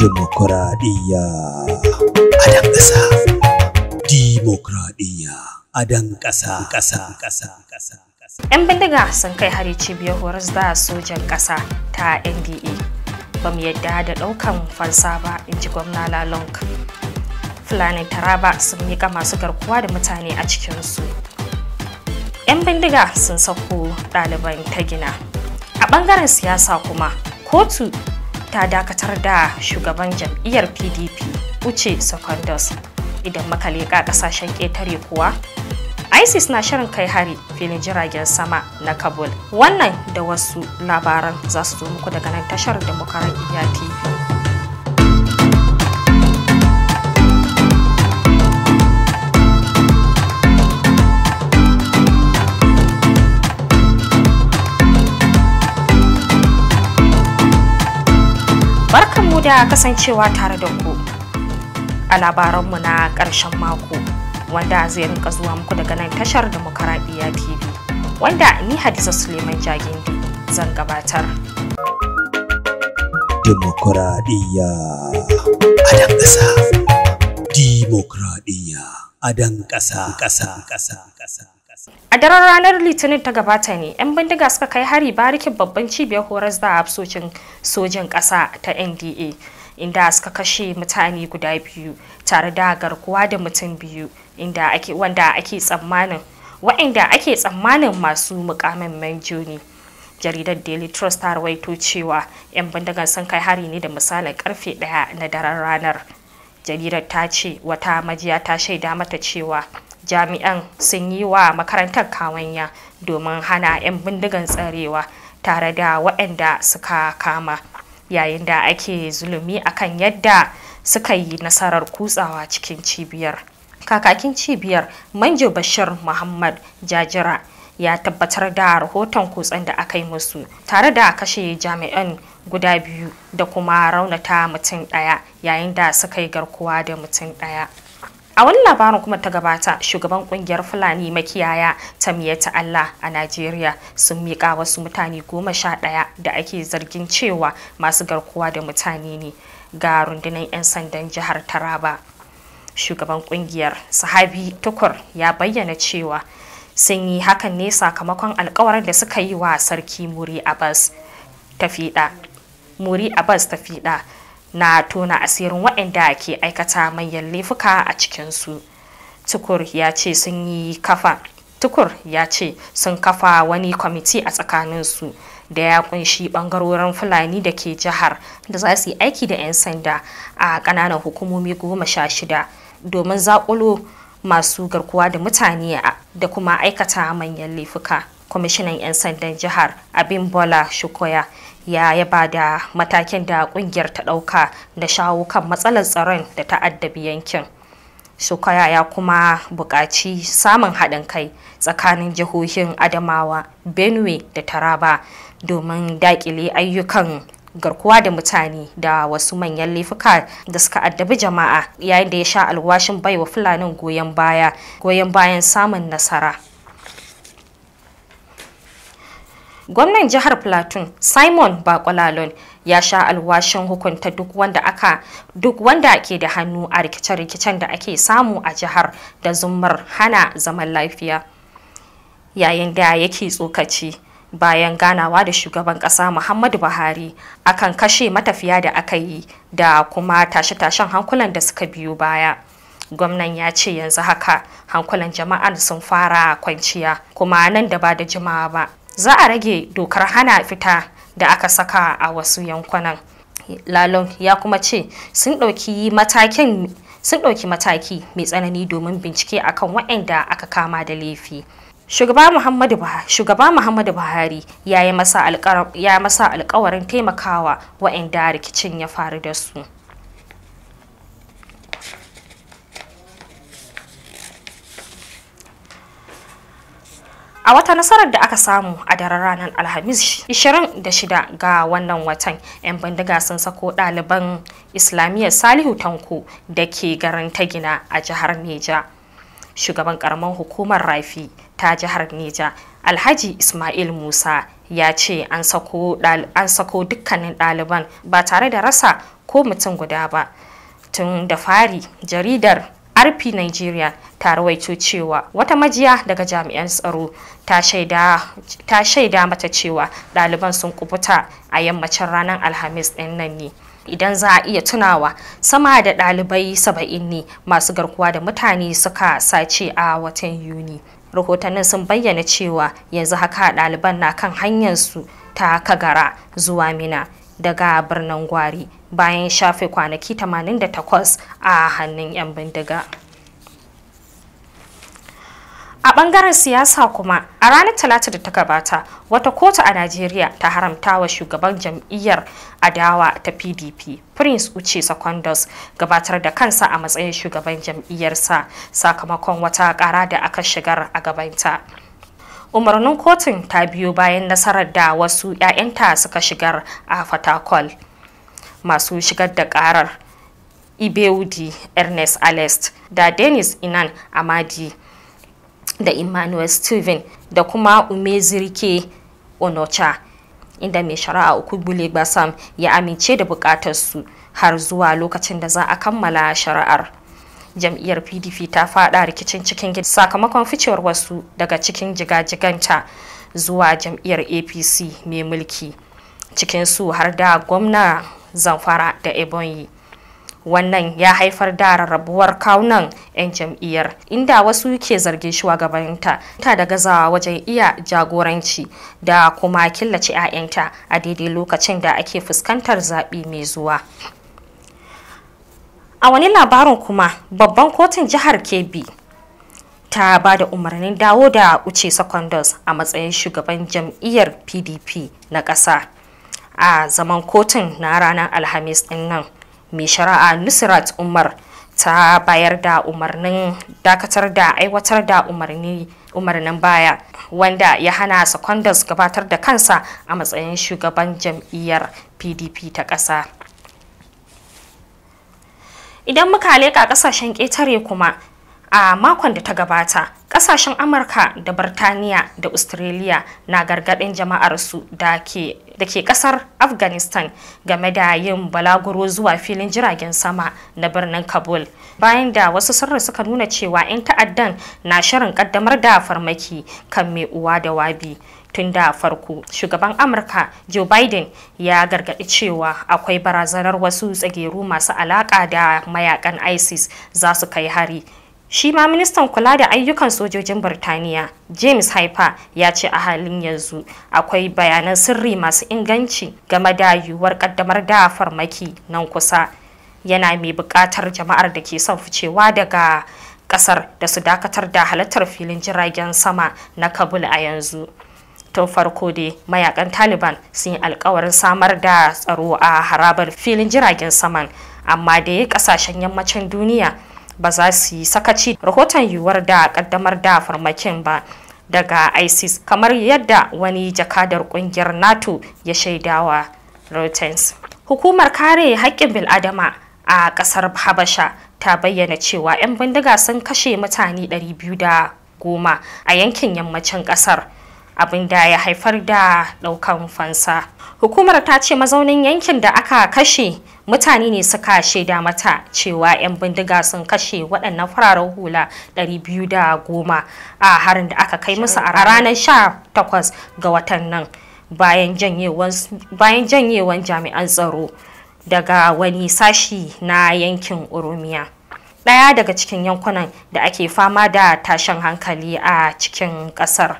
demokradiya Adan ƙasa. ƙasa. ƙasa. 'Yan bindiga sun kai hari cibiyar horas da sojan ƙasa ta NDA. E. Ba mu yadda da ɗaukan fansa ba, in ji gwamna Lalong. Fulani Taraba sun miƙa masu garkuwa da mutane a cikinsu. 'Yan bindiga sun sako ɗaliban ta gina. A ɓangaren siyasa kuma, kotu ta dakatar da shugaban jam'iyyar pdp uche secondus idan makaleka kasashen ƙetare kuwa isis na shirin kai hari filin jiragen sama na kabul wannan da wasu labaran za su zo muku daga nan tashar demokaran iyafi da kasancewa tare da ku a labaranmu na ƙarshen mako wanda zai rinka zuwa muku daga nan tashar Demokaradiya TV wanda ni Hadiza Suleiman Jagindi zan gabatar. Demokaradiyya a dan ƙasa. Demokaradiyya a dan ƙasa. ƙasa. ƙasa. ƙasa. A daren ranar Litinin ta gabata ne, 'yan bindiga suka kai hari barikin babban cibiyar horas da a sojin ƙasa ta NDA, inda suka kashe mutane guda biyu tare da garkuwa da mutum biyu, ake wanda ake tsammanin wa'inda ake tsammanin masu mukamin manjo ne. Jaridar Daily Trust ta rawaito cewa 'yan bindigan sun kai hari ne da misalin karfe ɗaya na daren ranar. Jaridar ta ce wata majiya ta shaida mata cewa jami'an sun yi wa makarantar kawanya domin hana 'yan bindigan tsarewa tare da waɗanda suka kama yayin da ake zulumi akan yadda suka yi nasarar kutsawa cikin cibiyar kakakin cibiyar manjo bashir muhammad jajira ya tabbatar da rahoton kutsan da aka yi musu tare da kashe jami'an guda biyu da kuma raunata mutum ɗaya yayin da suka yi garkuwa da mutum ɗaya a wani labarin kuma ta gabata shugaban kungiyar fulani makiyaya ta miyata allah a najeriya sun miƙa wasu mutane goma sha ɗaya da ake zargin cewa masu garkuwa da mutane ne ga rundunar 'yan sandan jihar taraba shugaban kungiyar sahabi tukur ya bayyana cewa sun yi hakan ne sakamakon alkawarin da suka yi wa sarki muri abbas ta muri abbas na tona asirin waɗanda ke aikata manyan laifuka a cikinsu tukur ya ce sun yi kafa tukur ya ce sun kafa wani kwamiti a tsakaninsu da ya kunshi bangarorin fulani da ke jihar da za su yi aiki da 'yan sanda a ƙananan hukumomi goma sha shida domin zaƙulo masu garkuwa da mutane da kuma aikata manyan laifuka. kwamishinan 'yan sandan jihar abin bola shukoya ya yaba da matakin da kungiyar ta dauka da shawo kan matsalar tsaron da ta addabi yankin shukoya ya kuma buƙaci samun haɗin kai tsakanin jihohin adamawa benue da taraba domin daƙile ayyukan garkuwa da mutane da wasu manyan laifuka da suka addabi jama'a yayin da ya sha alwashin baiwa fulanin goyon baya goyon bayan samun nasara Gwamnan jihar Plateau Simon Bakwalalon ya sha alwashin hukunta duk wanda aka duk wanda ke da hannu a rikice-rikicen da ake samu a jihar da zumar hana zaman lafiya. Yayin da yake tsokaci bayan ganawa da shugaban kasa Muhammadu Buhari akan kashe matafiya da aka yi da kuma tashe-tashen hankulan da suka biyo baya. gwamnan ya ce yanzu haka hankulan jama'ar sun fara kwanciya kuma nan da ba da jimawa ba za a rage dokar hana fita da aka saka a wasu yankunan lalon ya kuma ce sun ɗauki mataki mai tsanani domin bincike akan waɗanda aka kama da laifi shugaba muhammadu buhari shugaba muhammadu buhari ya yi masa alƙawarin taimakawa waɗanda rikicin ya faru da su a wata nasarar da aka samu a daren ranar alhamis 26 ga wannan watan 'yan bindiga sun sako ɗaliban islamiyyar salihu tanko da ke garin tagina a jihar neja shugaban karamar hukumar rafi ta jihar neja alhaji ismail musa ya ce an sako dukkanin ɗaliban ba tare da rasa ko mutum guda ba tun da fari jaridar rp nigeria ta rawaito cewa wata majiya daga jami'an tsaro ta shaida mata cewa ɗaliban sun kubuta a yammacin ranar alhamis ɗin nan ne idan za a iya tunawa sama da ɗalibai saba'in ne masu garkuwa da mutane suka sace a watan yuni rahotannin sun bayyana cewa yanzu haka ɗaliban na kan hanyarsu ta kagara zuwa mina daga birnin gwari bayan shafe kwanaki 88 a hannun 'yan bindiga. A ɓangaren siyasa kuma a ranar Talata da ta gabata wata kotu a Najeriya ta haramta wa shugaban jam'iyyar adawa ta PDP Prince Uche Secondos gabatar da kansa a matsayin shugaban jam'iyyarsa sakamakon wata kara da aka shigar a gabanta. Umarnin kotun ta biyo bayan nasarar da wasu 'ya'yanta suka shigar a Fatakol. masu shigar da karar ibeudi ernest alest da dennis inan amadi da emmanuel steven da kuma umezirke onocha inda mai shari'a uku bule basam ya amince da bukatarsu har zuwa lokacin da za a kammala shari'ar jam'iyyar pdp ta fada rikicin cikin gida sakamakon ficewar wasu daga cikin jiga-jiganta zuwa jam'iyyar apc mai mulki cikinsu har da gwamna zamfara da ebonyi wannan ya haifar da rarrabuwar kawunan 'yan jam'iyyar inda wasu ke zargin shugabanta ta da gazawa wajen iya jagoranci da kuma killace 'ya'yanta a daidai lokacin da ake fuskantar zaɓe mai zuwa a wani labarin kuma babban kotun jihar kebbi ta ba da umarnin dawo da uce secondus a matsayin shugaban jam'iyyar pdp na ƙasa a zaman kotun na ranar alhamis din nan mai shari'a nusrat umar ta bayar da umarnin dakatar da aiwatar da umarnin baya wanda ya hana secondus gabatar da kansa a matsayin shugaban jam'iyyar pdp ta ƙasa idan muka leƙa ƙasashen ƙetare kuma a makon da ta gabata kasashen amurka da birtaniya da australia na gargadin jama'ar su da ke kasar afghanistan game da yin balaguro zuwa filin jiragen sama na birnin kabul bayan da wasu sirri suka nuna cewa 'yan ta'addan na shirin kaddamar da farmaki kan mai uwa da wabi tun da farko shugaban amurka joe biden ya gargaɗi cewa akwai barazanar wasu tsagero masu alaƙa da mayakan isis za su kai hari Shi ma ministan kula da ayyukan sojojin burtaniya James Haifa, ya ce a halin yanzu akwai bayanan sirri masu inganci game da yiwuwar kaddamar da farmaki nan kusa. Yana mai buƙatar jama'ar da ke son ficewa daga ƙasar da su dakatar da halartar filin jiragen sama na Kabul a yanzu. tun farko dai mayakan taliban sun yi alkawarin samar da tsaro a harabar filin jiragen saman amma da ya kasashen yammacin duniya ba za su yi sakaci rahoton yiwuwar da kaddamar da farmakin ba daga isis kamar yadda wani jakadar kungiyar nato ya shaidawa reuters hukumar kare haƙƙin bil'adama a ƙasar habasha ta bayyana cewa 'yan bindiga sun kashe mutane 210 a yankin yammacin ƙasar abin da ya haifar da ɗaukan fansa hukumar ta ce mazaunin yankin da aka kashe mutane ne suka shaida mata cewa 'yan bindiga sun kashe waɗannan fararen hula 210 a harin da aka kai musu a ranar 18 ga watan nan bayan janyewan jami'an tsaro daga wani sashi na yankin oromiya ɗaya daga cikin yankunan da ake fama da tashin hankali a cikin ƙasar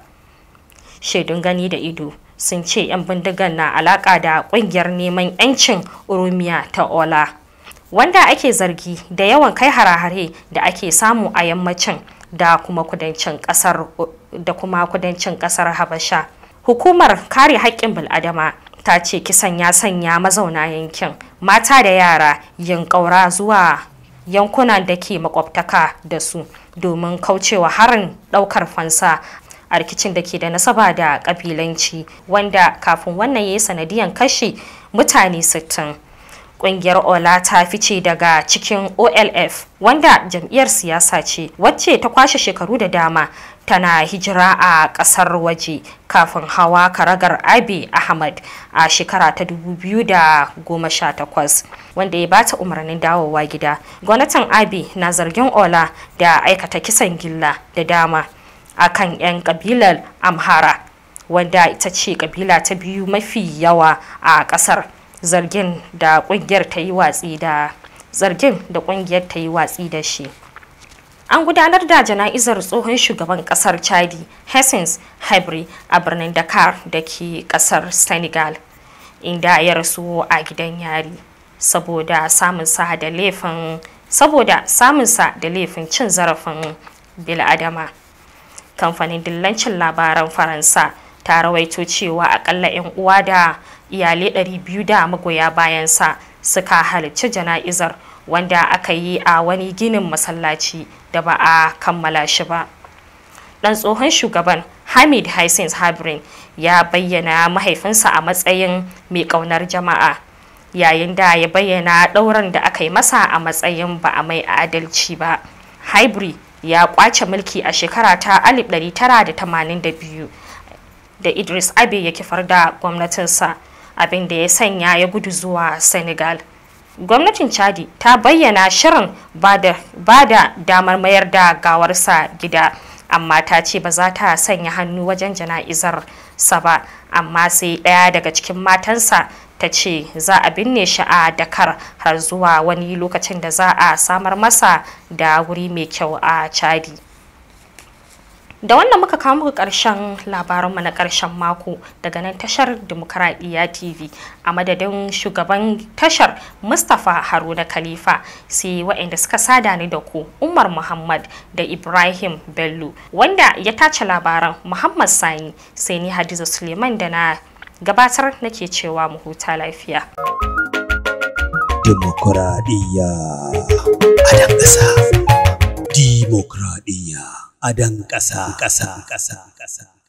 shaidun gani da ido sun ce 'yan bindigar na alaka da kungiyar neman 'yancin urumiya ta ola wanda ake zargi da yawan kai harahare da ake samu a yammacin da kuma kudancin kasar habasha hukumar kare haƙƙin bil'adama ta ce kisan ya sanya mazauna yankin mata da yara yin ƙaura zuwa yankunan da ke makwabtaka da su domin kaucewa harin ɗaukar fansa a rikicin da ke da nasaba da kabilanci wanda kafin wannan ya yi sanadiyan kashe mutane 60 ƙungiyar ola ta fice daga cikin olf wanda jam'iyyar siyasa ce wacce ta kwashe shekaru da dama tana hijira a kasar waje kafin hawa karagar abi ahmad a shekara ta 2018 wanda ya bata umarnin dawowa gida gwamnatin abi na zargin ola da aikata kisan gilla da dama a kan 'yan kabilar amhara wanda ita ce kabila ta biyu mafi yawa a kasar zargin da kungiyar ta yi watsi da zargin da kungiyar ta yi watsi da shi an gudanar da jana'izar tsohon shugaban kasar chadi hessens hybrid a birnin dakar da ke kasar senegal inda ya rasu a gidan yari saboda samunsa da laifin cin zarafin biladama kamfanin dillancin labaran faransa ta rawaito cewa akalla 'yan uwa da iyalai 200 da magoya bayansa suka halarci jana'izar wanda aka yi a wani ginin masallaci da ba a kammala shi ba dan tsohon shugaban hamid hisins habrin ya bayyana mahaifinsa a matsayin mai kaunar jama'a yayin da ya bayyana ɗauran da aka yi masa a matsayin ba a mai adalci ba hybrid ya kwace mulki a shekara ta 1982 da idris abe ya kifar da gwamnatinsa abin da ya sanya ya gudu zuwa senegal gwamnatin chadi ta bayyana shirin ba da damar mayar da gawarsa gida amma ta ce ba za ta sanya hannu wajen jana'izar sa ba amma sai daya daga cikin matansa ta ce za a binne shi a dakar har zuwa wani lokacin da za a samar masa da wuri mai kyau a chadi da wannan muka kawo muku karshen labaranmu na karshen mako daga nan tashar demokradiyya tv a madadin shugaban tashar mustapha haruna khalifa sai waɗanda suka sada ni da ku umar muhammad da ibrahim bello wanda ya tace labaran muhammad sani sai ni hadiza suleiman da na gabatar nake cewa mu huta lafiya. Demokuraɗiyya a dan ƙasa. Demokuraɗiyya a dan ƙasa. ƙasa. ƙasa.